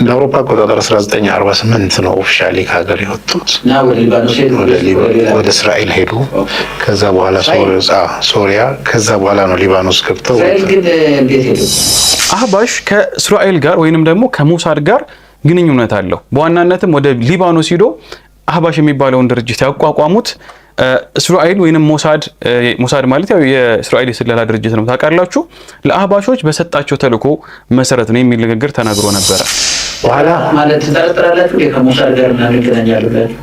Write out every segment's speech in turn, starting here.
እንደ አውሮፓ አቆጣጠር 1948 ነው ኦፊሻሊ ከሀገር የወጡት ወደ እስራኤል ሄዱ። ከዛ በኋላ ሶሪያ፣ ከዛ በኋላ ነው ሊባኖስ ገብተው። አህባሽ ከእስራኤል ጋር ወይንም ደግሞ ከሞሳድ ጋር ግንኙነት አለው። በዋናነትም ወደ ሊባኖስ ሂዶ አህባሽ የሚባለውን ድርጅት ያቋቋሙት እስራኤል ወይንም ሞሳድ ሞሳድ ማለት ያው የእስራኤል የስለላ ድርጅት ነው ታውቃላችሁ። ለአህባሾች በሰጣቸው ተልኮ መሰረት ነው የሚል ንግግር ተናግሮ ነበረ። በኋላ ማለት ትጠረጥራላችሁ እንዴ ከሙሳድ ጋር እና እንገናኛለን ብላችሁ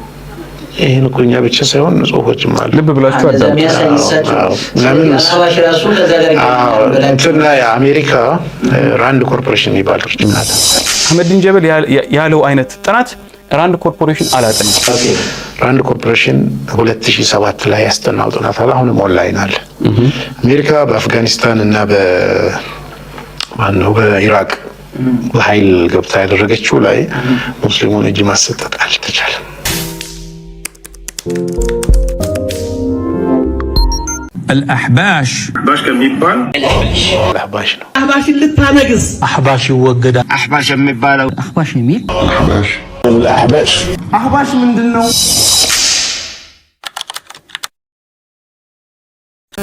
ይህን እኮ እኛ ብቻ ሳይሆን ጽሁፎችም አሉ። ልብ ብላችሁ አዳምጡና የአሜሪካ ራንድ ኮርፖሬሽን የሚባል ድርጅት ናት። አህመዲን ጀበል ያለው አይነት ጥናት ራንድ ኮርፖሬሽን አላጠናም። ራንድ ኮርፖሬሽን 2007 ላይ ያስጠናው ጥናት አለ። አሁንም ኦንላይን አለ። አሜሪካ በአፍጋኒስታን እና በማነው በኢራቅ በኃይል ገብታ ያደረገችው ላይ ሙስሊሙን እጅ ማሰጠት አልተቻለም። አልአሕባሽ ከሚባል አሕባሽ ነው። አሕባሽን ልታነግስ አሕባሽ ይወገዳል። አሕባሽ የሚባለው አሕባሽ የሚል አሕባሽ ምንድን ነው?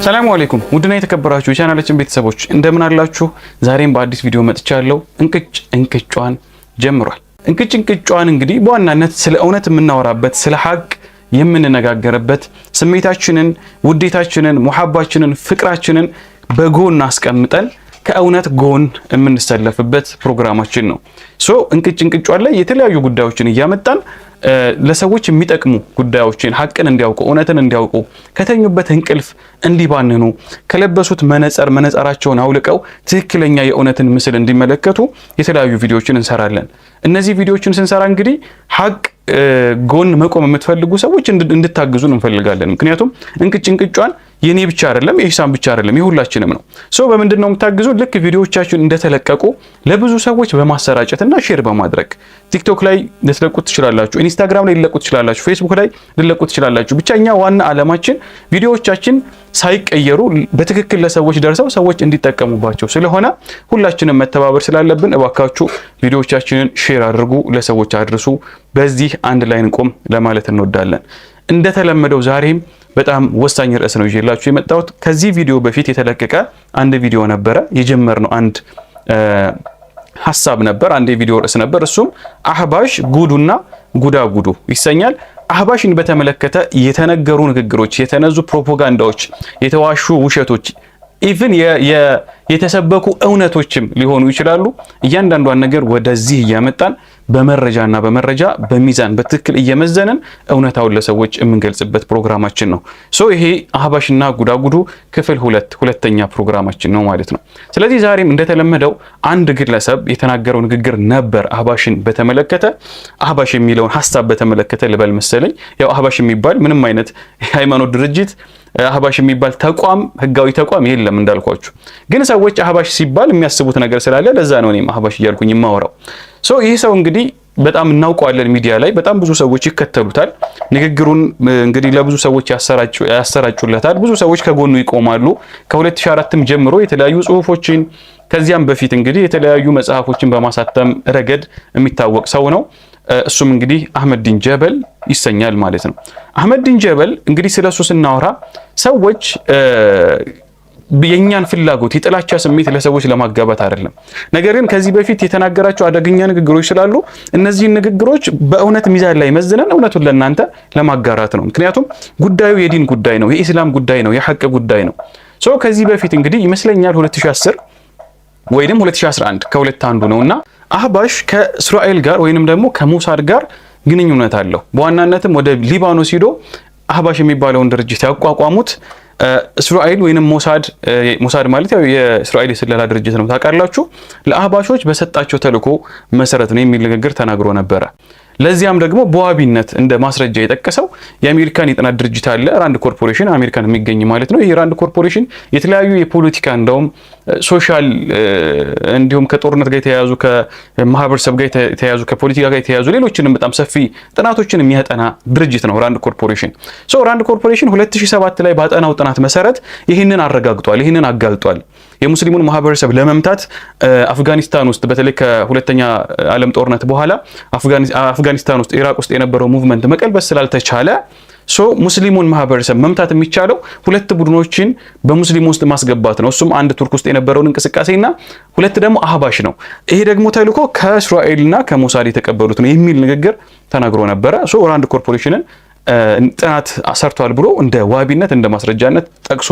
ሰላም አለይኩም ውድና የተከበራችሁ የቻናላችን ቤተሰቦች እንደምን አላችሁ? ዛሬም በአዲስ ቪዲዮ መጥቻለሁ። እንቅጭ እንቅጯን ጀምሯል። እንቅጭ እንቅጯን እንግዲህ በዋናነት ስለ እውነት የምናወራበት ስለ ሀቅ የምንነጋገርበት ስሜታችንን፣ ውዴታችንን፣ ሙሐባችንን፣ ፍቅራችንን በጎን አስቀምጠን ከእውነት ጎን የምንሰለፍበት ፕሮግራማችን ነው። ሶ እንቅጭ ላይ የተለያዩ ጉዳዮችን እያመጣን ለሰዎች የሚጠቅሙ ጉዳዮችን ሀቅን እንዲያውቁ እውነትን እንዲያውቁ ከተኙበት እንቅልፍ እንዲባንኑ ከለበሱት መነጽር መነጽራቸውን አውልቀው ትክክለኛ የእውነትን ምስል እንዲመለከቱ የተለያዩ ቪዲዮዎችን እንሰራለን። እነዚህ ቪዲዮዎችን ስንሰራ እንግዲህ ሀቅ ጎን መቆም የምትፈልጉ ሰዎች እንድታግዙን እንፈልጋለን። ምክንያቱም እንቅጭ እንቅጯን የኔ ብቻ አይደለም፣ የሂሳም ብቻ አይደለም፣ የሁላችንም ነው። ሶ በምንድን ነው የምታግዙ? ልክ ቪዲዮዎቻችን እንደተለቀቁ ለብዙ ሰዎች በማሰራጨትና ሼር በማድረግ ቲክቶክ ላይ ልትለቁት ትችላላችሁ፣ ኢንስታግራም ላይ ልለቁት ትችላላችሁ፣ ፌስቡክ ላይ ልለቁት ትችላላችሁ። ብቻ እኛ ዋና ዓላማችን ቪዲዮዎቻችን ሳይቀየሩ በትክክል ለሰዎች ደርሰው ሰዎች እንዲጠቀሙባቸው ስለሆነ ሁላችንም መተባበር ስላለብን እባካችሁ ቪዲዮዎቻችንን ሼር አድርጉ፣ ለሰዎች አድርሱ። በዚህ አንድ ላይ እንቆም ለማለት እንወዳለን። እንደተለመደው ዛሬም በጣም ወሳኝ ርዕስ ነው ይዤላችሁ የመጣሁት። ከዚህ ቪዲዮ በፊት የተለቀቀ አንድ ቪዲዮ ነበረ የጀመርነው አንድ ሀሳብ ነበር፣ አንድ የቪዲዮ ርዕስ ነበር። እሱም አህባሽ ጉዱና ጉዳጉዱ ይሰኛል። አህባሽን በተመለከተ የተነገሩ ንግግሮች፣ የተነዙ ፕሮፓጋንዳዎች፣ የተዋሹ ውሸቶች ኢቭን የተሰበኩ እውነቶችም ሊሆኑ ይችላሉ። እያንዳንዷን ነገር ወደዚህ እያመጣን በመረጃና በመረጃ በሚዛን በትክክል እየመዘንን እውነታውን ለሰዎች የምንገልጽበት ፕሮግራማችን ነው። ሶ ይሄ አህባሽና ጉዳጉዱ ክፍል ሁለት ሁለተኛ ፕሮግራማችን ነው ማለት ነው። ስለዚህ ዛሬም እንደተለመደው አንድ ግለሰብ የተናገረው ንግግር ነበር አህባሽን በተመለከተ አህባሽ የሚለውን ሀሳብ በተመለከተ ልበል መሰለኝ። ያው አህባሽ የሚባል ምንም አይነት የሃይማኖት ድርጅት አህባሽ የሚባል ተቋም ህጋዊ ተቋም የለም እንዳልኳችሁ። ግን ሰዎች አህባሽ ሲባል የሚያስቡት ነገር ስላለ ለዛ ነው እኔም አህባሽ እያልኩኝ የማወራው። ሶ ይህ ሰው እንግዲህ በጣም እናውቀዋለን። ሚዲያ ላይ በጣም ብዙ ሰዎች ይከተሉታል። ንግግሩን እንግዲህ ለብዙ ሰዎች ያሰራጩለታል። ብዙ ሰዎች ከጎኑ ይቆማሉ። ከ2004ም ጀምሮ የተለያዩ ጽሁፎችን ከዚያም በፊት እንግዲህ የተለያዩ መጽሐፎችን በማሳተም ረገድ የሚታወቅ ሰው ነው። እሱም እንግዲህ አህመዲን ጀበል ይሰኛል ማለት ነው። አህመዲን ጀበል እንግዲህ ስለሱ ስናወራ ሰዎች የእኛን ፍላጎት የጥላቻ ስሜት ለሰዎች ለማጋባት አይደለም። ነገር ግን ከዚህ በፊት የተናገራቸው አደገኛ ንግግሮች ስላሉ እነዚህን ንግግሮች በእውነት ሚዛን ላይ መዝነን እውነቱን ለእናንተ ለማጋራት ነው። ምክንያቱም ጉዳዩ የዲን ጉዳይ ነው፣ የኢስላም ጉዳይ ነው፣ የሐቅ ጉዳይ ነው። ሰው ከዚህ በፊት እንግዲህ ይመስለኛል 2010 ወይም 2011 ከሁለት አንዱ ነውና አህባሽ ከእስራኤል ጋር ወይንም ደግሞ ከሙሳድ ጋር ግንኙነት አለው። በዋናነትም ወደ ሊባኖስ ሂዶ አህባሽ የሚባለውን ድርጅት ያቋቋሙት እስራኤል ወይንም ሞሳድ ሞሳድ ማለት ያው የእስራኤል የስለላ ድርጅት ነው ታውቃላችሁ፣ ለአህባሾች በሰጣቸው ተልኮ መሰረት ነው የሚል ንግግር ተናግሮ ነበረ። ለዚያም ደግሞ በዋቢነት እንደ ማስረጃ የጠቀሰው የአሜሪካን የጥናት ድርጅት አለ ራንድ ኮርፖሬሽን አሜሪካን የሚገኝ ማለት ነው። ይህ ራንድ ኮርፖሬሽን የተለያዩ የፖለቲካ እንደውም ሶሻል እንዲሁም ከጦርነት ጋር የተያያዙ ከማህበረሰብ ጋር የተያያዙ ከፖለቲካ ጋር የተያያዙ ሌሎችንም በጣም ሰፊ ጥናቶችን የሚያጠና ድርጅት ነው ራንድ ኮርፖሬሽን። ሶ ራንድ ኮርፖሬሽን 2007 ላይ ባጠናው ጥናት መሰረት ይህንን አረጋግጧል፣ ይህንን አጋልጧል። የሙስሊሙን ማህበረሰብ ለመምታት አፍጋኒስታን ውስጥ በተለይ ከሁለተኛ ዓለም ጦርነት በኋላ አፍጋኒስታን ውስጥ፣ ኢራቅ ውስጥ የነበረው ሙቭመንት መቀልበስ ስላልተቻለ ሶ ሙስሊሙን ማህበረሰብ መምታት የሚቻለው ሁለት ቡድኖችን በሙስሊሙ ውስጥ ማስገባት ነው። እሱም አንድ ቱርክ ውስጥ የነበረውን እንቅስቃሴና ሁለት ደግሞ አህባሽ ነው። ይሄ ደግሞ ተልእኮ ከእስራኤልና ከሞሳድ የተቀበሉት ነው የሚል ንግግር ተናግሮ ነበረ። ሶ ራንድ ኮርፖሬሽንን ጥናት አሰርቷል ብሎ እንደ ዋቢነት እንደ ማስረጃነት ጠቅሶ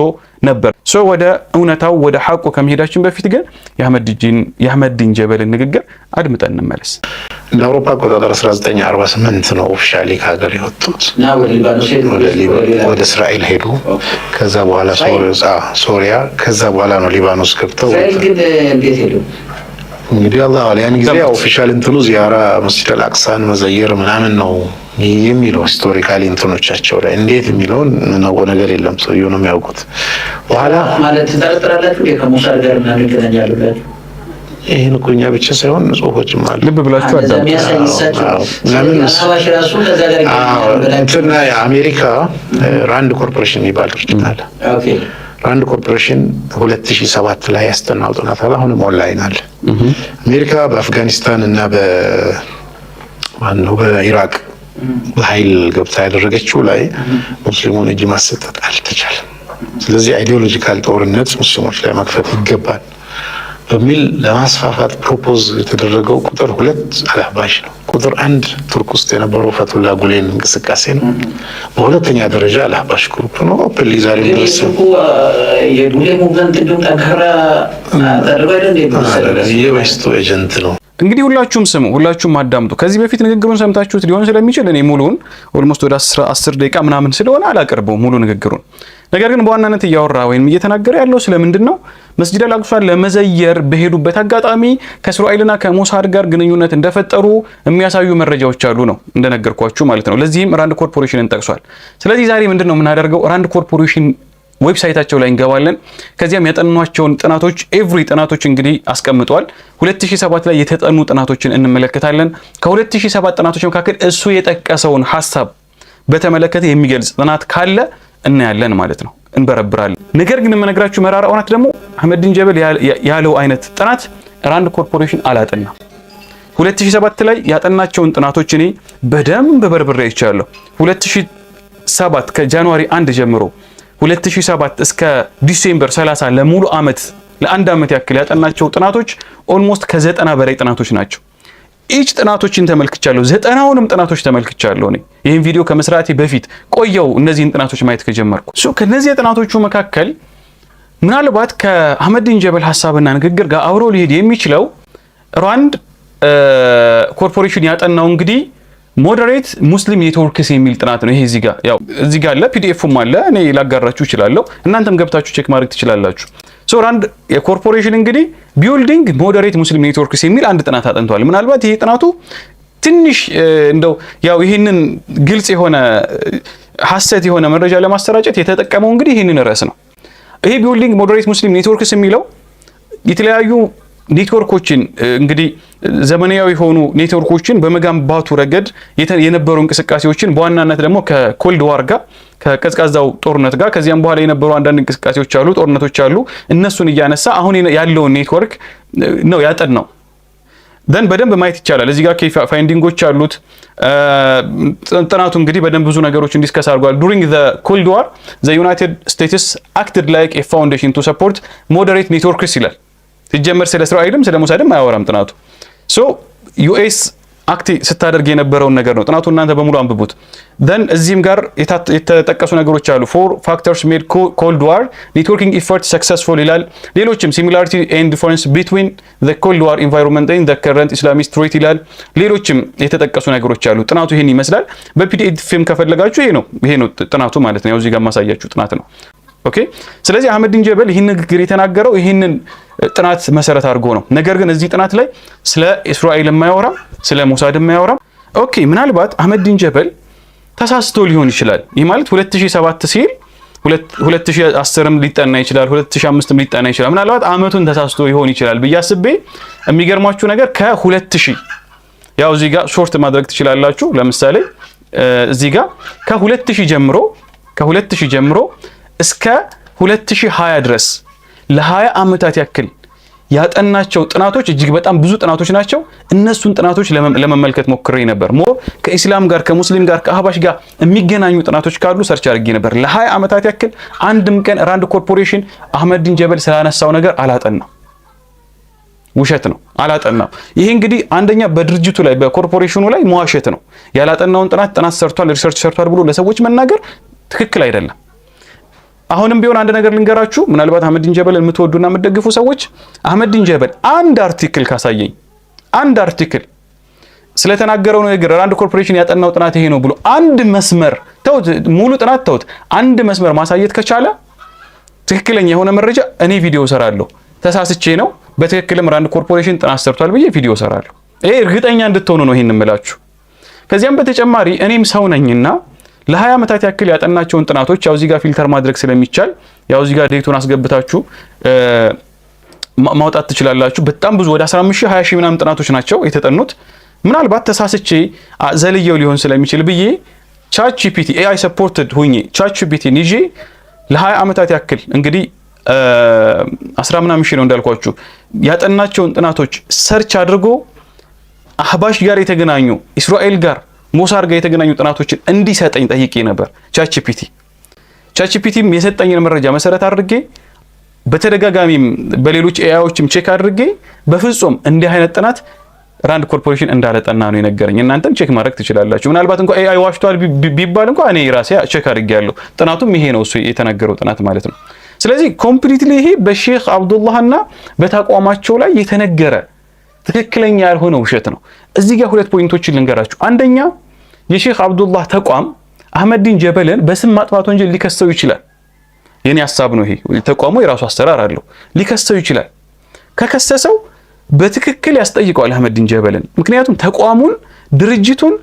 ነበር። ሶ ወደ እውነታው ወደ ሐቁ ከመሄዳችን በፊት ግን የአህመዲን ጀበልን ንግግር አድምጠን እንመለስ። እንደ አውሮፓ አቆጣጠር 1948 ነው ኦፊሻሊ ከሀገር የወጡት ወደ እስራኤል ሄዱ። ከዛ በኋላ ሶሪያ፣ ከዛ በኋላ ነው ሊባኖስ ገብተው እንግዲህ አላ ያን ጊዜ ኦፊሻል እንትኑ ዚያራ መስጂድ አቅሳን መዘየር ምናምን ነው የሚለው ሂስቶሪካሊ እንትኖቻቸው ላይ እንዴት የሚለውን ምናወ ነገር የለም። ሰውዬው ነው የሚያውቁት። በኋላ ማለት ትጠረጥራላችሁ ከሙሳር ጋር ምናምን ይገናኛሉላችሁ። ይህን እኮ እኛ ብቻ ሳይሆን ጽሁፎችም አሉ። ልብ ብላችሁ አዳምጡና አሜሪካ ራንድ ኮርፖሬሽን የሚባል ድርጅት አለ። ራንድ ኮርፖሬሽን ሁለት ሺህ ሰባት ላይ ያስጠናው ጥናት አለ። አሁንም ኦንላይን አለ። አሜሪካ በአፍጋኒስታን እና በማነው በኢራቅ በኃይል ገብታ ያደረገችው ላይ ሙስሊሙን እጅ ማሰጠት አልተቻለም። ስለዚህ አይዲዮሎጂካል ጦርነት ሙስሊሞች ላይ መክፈት ይገባል በሚል ለማስፋፋት ፕሮፖዝ የተደረገው ቁጥር ሁለት አላባሽ ነው። ቁጥር አንድ ቱርክ ውስጥ የነበረው ፈቱላ ጉሌን እንቅስቃሴ ነው። በሁለተኛ ደረጃ አላባሽ ግሩፕ ነው። ኦፕሊ ዛሬ ድረስ ሙቭመንት እንዲሁም ጠንካራ ተደርጓ የበስቶ ኤጀንት ነው። እንግዲህ ሁላችሁም ስሙ፣ ሁላችሁም አዳምጡ። ከዚህ በፊት ንግግሩን ሰምታችሁት ሊሆን ስለሚችል እኔ ሙሉውን ኦልሞስት ወደ 10 ደቂቃ ምናምን ስለሆነ አላቀርበውም ሙሉ ንግግሩን። ነገር ግን በዋናነት እያወራ ወይም እየተናገረ ያለው ስለምንድን ነው? መስጂድ አልአቅሷን ለመዘየር በሄዱበት አጋጣሚ ከእስራኤልና ከሞሳድ ጋር ግንኙነት እንደፈጠሩ የሚያሳዩ መረጃዎች አሉ ነው እንደነገርኳችሁ ማለት ነው። ለዚህም ራንድ ኮርፖሬሽንን ጠቅሷል። ስለዚህ ዛሬ ምንድን ነው የምናደርገው? ራንድ ኮርፖሬሽን ዌብሳይታቸው ላይ እንገባለን። ከዚያም ያጠኗቸውን ጥናቶች ኤቭሪ ጥናቶች እንግዲህ አስቀምጠዋል። 2007 ላይ የተጠኑ ጥናቶችን እንመለከታለን። ከ2007 ጥናቶች መካከል እሱ የጠቀሰውን ሀሳብ በተመለከተ የሚገልጽ ጥናት ካለ እናያለን ማለት ነው፣ እንበረብራለን። ነገር ግን የምነግራችሁ መራራ እውነት ደግሞ አህመድን ጀበል ያለው አይነት ጥናት ራንድ ኮርፖሬሽን አላጠና 2007 ላይ ያጠናቸውን ጥናቶች እኔ በደንብ በርብሬ ይቻለሁ። 2007 ከጃንዋሪ 1 ጀምሮ 2007 እስከ ዲሴምበር 30 ለሙሉ አመት ለአንድ አመት ያክል ያጠናቸው ጥናቶች ኦልሞስት ከዘጠና በላይ ጥናቶች ናቸው። ኢች ጥናቶችን ተመልክቻለሁ። ዘጠናውንም ጥናቶች ተመልክቻለሁ። እኔ ይህን ቪዲዮ ከመስራቴ በፊት ቆየው እነዚህን ጥናቶች ማየት ከጀመርኩ ከነዚህ ጥናቶቹ መካከል ምናልባት ከአህመዲን ጀበል ሀሳብና ንግግር ጋር አብሮ ሊሄድ የሚችለው ሯንድ ኮርፖሬሽን ያጠናው እንግዲህ ሞዴሬት ሙስሊም ኔትወርክስ የሚል ጥናት ነው ይሄ። እዚህ ጋር ያው እዚህ ጋር አለ፣ ፒዲኤፍም አለ። እኔ ላጋራችሁ እችላለሁ፣ እናንተም ገብታችሁ ቼክ ማድረግ ትችላላችሁ። ሶ አንድ የኮርፖሬሽን እንግዲህ ቢውልዲንግ ሞዴሬት ሙስሊም ኔትወርክስ የሚል አንድ ጥናት አጥንቷል። ምናልባት ይሄ ጥናቱ ትንሽ እንደው ያው ይህንን ግልጽ የሆነ ሀሰት የሆነ መረጃ ለማሰራጨት የተጠቀመው እንግዲህ ይህንን ርዕስ ነው። ይሄ ቢውልዲንግ ሞዴሬት ሙስሊም ኔትወርክስ የሚለው የተለያዩ ኔትወርኮችን እንግዲህ ዘመናዊ የሆኑ ኔትወርኮችን በመገንባቱ ረገድ የነበሩ እንቅስቃሴዎችን በዋናነት ደግሞ ከኮልድ ዋር ጋር ከቀዝቃዛው ጦርነት ጋር ከዚያም በኋላ የነበሩ አንዳንድ እንቅስቃሴዎች አሉ፣ ጦርነቶች አሉ። እነሱን እያነሳ አሁን ያለውን ኔትወርክ ነው ያጠን ነው ደን በደንብ ማየት ይቻላል። እዚህ ጋር ፋይንዲንጎች አሉት። ጥናቱ እንግዲህ በደንብ ብዙ ነገሮች እንዲስከስ አድርጓል። ዱሪንግ ዘ ኮልድ ዋር ዘ ዩናይትድ ስቴትስ አክትድ ላይክ ኤ ፋውንዴሽን ቱ ሰፖርት ሞደሬት ኔትወርክስ ይላል። ሲጀመር ስለ እስራኤልም ስለ ሙሳድም አያወራም ጥናቱ። ሶ ዩኤስ አክቲ ስታደርግ የነበረውን ነገር ነው ጥናቱ። እናንተ በሙሉ አንብቡት። ደን እዚህም ጋር የተጠቀሱ ነገሮች አሉ። ፎር ፋክተርስ ሜድ ኮልድ ዋር ኔትወርኪንግ ኢፈርት ሰክሰስፉል ይላል። ሌሎችም ሲሚላሪቲ ኤንድ ዲፈረንስ ቢትዊን ኮልድ ዋር ኢንቫይሮንመንት ኤንድ ከረንት ኢስላሚስት ትሬት ይላል። ሌሎችም የተጠቀሱ ነገሮች አሉ። ጥናቱ ይህን ይመስላል። በፒዲኤፍ ከፈለጋችሁ ይሄ ነው ይሄ ነው ጥናቱ ማለት ነው። ያው እዚህ ጋር ማሳያችሁ ጥናት ነው። ኦኬ ስለዚህ አህመዲን ጀበል ይህን ንግግር የተናገረው ይህንን ጥናት መሰረት አድርጎ ነው። ነገር ግን እዚህ ጥናት ላይ ስለ እስራኤል የማያወራ ስለ ሞሳድ የማያወራ ኦኬ ምናልባት አህመዲን ጀበል ተሳስቶ ሊሆን ይችላል። ይህ ማለት 2007 ሲል 2010ም ሊጠና ይችላል፣ 2005ም ሊጠና ይችላል። ምናልባት አመቱን ተሳስቶ ይሆን ይችላል ብዬ አስቤ የሚገርማችሁ ነገር ከ2000 ያው እዚህ ጋር ሾርት ማድረግ ትችላላችሁ። ለምሳሌ እዚህ ጋር ከ2000 ጀምሮ ከ2000 ጀምሮ እስከ 2020 ድረስ ለ20 ዓመታት ያክል ያጠናቸው ጥናቶች እጅግ በጣም ብዙ ጥናቶች ናቸው። እነሱን ጥናቶች ለመመልከት ሞክሬ ነበር። ሞር ከኢስላም ጋር ከሙስሊም ጋር ከአህባሽ ጋር የሚገናኙ ጥናቶች ካሉ ሰርች አድርጌ ነበር። ለ20 ዓመታት ያክል አንድም ቀን ራንድ ኮርፖሬሽን አህመድን ጀበል ስላነሳው ነገር አላጠናም። ውሸት ነው፣ አላጠናም። ይሄ እንግዲህ አንደኛ በድርጅቱ ላይ በኮርፖሬሽኑ ላይ መዋሸት ነው። ያላጠናውን ጥናት ጥናት ሰርቷል ሪሰርች ሰርቷል ብሎ ለሰዎች መናገር ትክክል አይደለም። አሁንም ቢሆን አንድ ነገር ልንገራችሁ። ምናልባት አህመዲን ጀበልን የምትወዱና የምትደግፉ ሰዎች አህመዲን ጀበል አንድ አርቲክል ካሳየኝ አንድ አርቲክል ስለተናገረው ነገር ራንድ ኮርፖሬሽን ያጠናው ጥናት ይሄ ነው ብሎ አንድ መስመር ተውት፣ ሙሉ ጥናት ተውት፣ አንድ መስመር ማሳየት ከቻለ ትክክለኛ የሆነ መረጃ እኔ ቪዲዮ ሰራለሁ። ተሳስቼ ነው በትክክልም ራንድ ኮርፖሬሽን ጥናት ሰርቷል ብዬ ቪዲዮ ሰራለሁ። ይሄ እርግጠኛ እንድትሆኑ ነው ይሄን እምላችሁ። ከዚያም በተጨማሪ እኔም ሰው ነኝና ለ20 ዓመታት ያክል ያጠናቸውን ጥናቶች ያው እዚህ ጋር ፊልተር ማድረግ ስለሚቻል ያው እዚህ ጋር ዴቱን አስገብታችሁ ማውጣት ትችላላችሁ። በጣም ብዙ ወደ 15 ሺህ 20 ሺህ ምናምን ጥናቶች ናቸው የተጠኑት። ምናልባት ተሳስቼ ዘልየው ሊሆን ስለሚችል ብዬ ቻት ጂፒቲ ኤአይ ሰፖርትድ ሁኜ ቻት ጂፒቲን ይዤ ለ20 ዓመታት ያክል እንግዲህ አስራ ምናምን ሺህ ነው እንዳልኳችሁ ያጠናቸውን ጥናቶች ሰርች አድርጎ አህባሽ ጋር የተገናኙ እስራኤል ጋር ሞሳር ጋር የተገናኙ ጥናቶችን እንዲሰጠኝ ጠይቄ ነበር ቻችፒቲ ቻችፒቲም የሰጠኝን መረጃ መሰረት አድርጌ በተደጋጋሚም በሌሎች ኤአዮችም ቼክ አድርጌ በፍጹም እንዲህ አይነት ጥናት ራንድ ኮርፖሬሽን እንዳለጠና ነው የነገረኝ። እናንተም ቼክ ማድረግ ትችላላችሁ። ምናልባት እንኳ ኤአይ ዋሽቷል ቢባል እንኳ እኔ ራሴ ቼክ ያለሁ ጥናቱም ይሄ ነው እሱ የተነገረው ጥናት ማለት ነው። ስለዚህ ኮምፕሊትሊ ይሄ በሼክ አብዱላህና በተቋማቸው ላይ የተነገረ ትክክለኛ ያልሆነ ውሸት ነው። እዚህ ጋር ሁለት ፖይንቶችን ልንገራችሁ። አንደኛ የሼክ አብዱላህ ተቋም አህመዲን ጀበልን በስም ማጥፋት ወንጀል ሊከሰው ይችላል። የኔ ሀሳብ ነው ይሄ። ተቋሙ የራሱ አሰራር አለው፣ ሊከሰው ይችላል። ከከሰሰው በትክክል ያስጠይቀዋል አህመዲን ጀበልን። ምክንያቱም ተቋሙን ድርጅቱን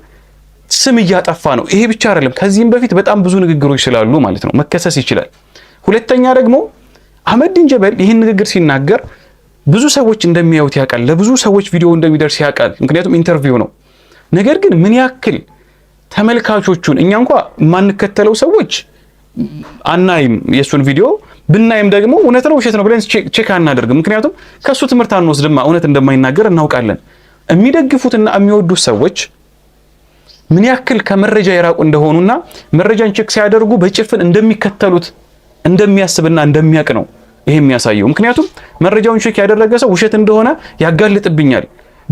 ስም እያጠፋ ነው። ይሄ ብቻ አይደለም፣ ከዚህም በፊት በጣም ብዙ ንግግሮች ስላሉ ማለት ነው መከሰስ ይችላል። ሁለተኛ ደግሞ አህመዲን ጀበል ይህን ንግግር ሲናገር ብዙ ሰዎች እንደሚያዩት ያውቃል። ለብዙ ሰዎች ቪዲዮ እንደሚደርስ ያውቃል። ምክንያቱም ኢንተርቪው ነው። ነገር ግን ምን ያክል ተመልካቾቹን እኛ እንኳ የማንከተለው ሰዎች አናይም የእሱን ቪዲዮ ብናይም ደግሞ እውነት ነው ውሸት ነው ብለን ቼክ አናደርግም። ምክንያቱም ከእሱ ትምህርት አንወስድማ እውነት እንደማይናገር እናውቃለን። የሚደግፉትና የሚወዱት ሰዎች ምን ያክል ከመረጃ የራቁ እንደሆኑና መረጃን ቼክ ሲያደርጉ በጭፍን እንደሚከተሉት እንደሚያስብና እንደሚያውቅ ነው ይሄ የሚያሳየው ምክንያቱም መረጃውን ቼክ ያደረገ ሰው ውሸት እንደሆነ ያጋልጥብኛል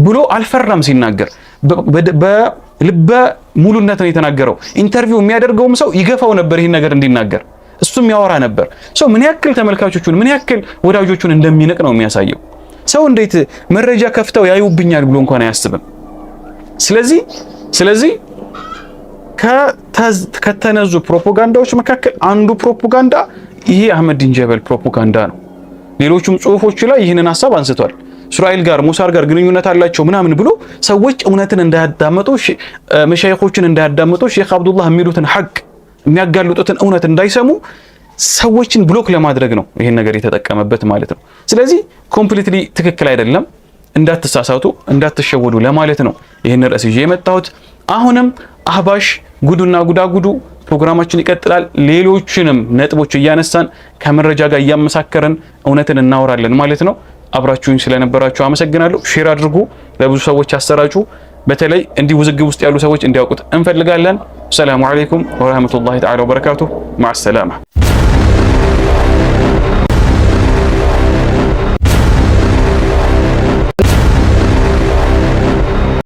ብሎ አልፈራም ሲናገር በልበ ሙሉነት ነው የተናገረው። ኢንተርቪው የሚያደርገውም ሰው ይገፋው ነበር ይህን ነገር እንዲናገር እሱም ያወራ ነበር። ሰው ምን ያክል ተመልካቾቹን ምን ያክል ወዳጆቹን እንደሚንቅ ነው የሚያሳየው። ሰው እንዴት መረጃ ከፍተው ያዩብኛል ብሎ እንኳን አያስብም። ስለዚህ ስለዚህ ከተነዙ ፕሮፓጋንዳዎች መካከል አንዱ ፕሮፓጋንዳ ይሄ አህመዲን ጀበል ፕሮፓጋንዳ ነው። ሌሎቹም ጽሁፎች ላይ ይህንን ሀሳብ አንስቷል። እስራኤል ጋር ሙሳር ጋር ግንኙነት አላቸው ምናምን ብሎ ሰዎች እውነትን እንዳያዳመጡ፣ መሻይኮችን እንዳያዳመጡ፣ ሼክ አብዱላህ የሚሉትን ሐቅ የሚያጋልጡትን እውነት እንዳይሰሙ ሰዎችን ብሎክ ለማድረግ ነው ይህን ነገር የተጠቀመበት ማለት ነው። ስለዚህ ኮምፕሊትሊ ትክክል አይደለም፣ እንዳትሳሳቱ፣ እንዳትሸወዱ ለማለት ነው ይህን ርዕስ ይዤ የመጣሁት። አሁንም አህባሽ ጉዱና ጉዳጉዱ ፕሮግራማችን ይቀጥላል። ሌሎችንም ነጥቦች እያነሳን ከመረጃ ጋር እያመሳከርን እውነትን እናወራለን ማለት ነው። አብራችሁኝ ስለነበራችሁ አመሰግናለሁ። ሼር አድርጉ፣ ለብዙ ሰዎች አሰራጩ። በተለይ እንዲህ ውዝግብ ውስጥ ያሉ ሰዎች እንዲያውቁት እንፈልጋለን። ሰላሙ አለይኩም ወረህመቱላሂ ተዓላ ወበረካቱሁ። ማሰላማ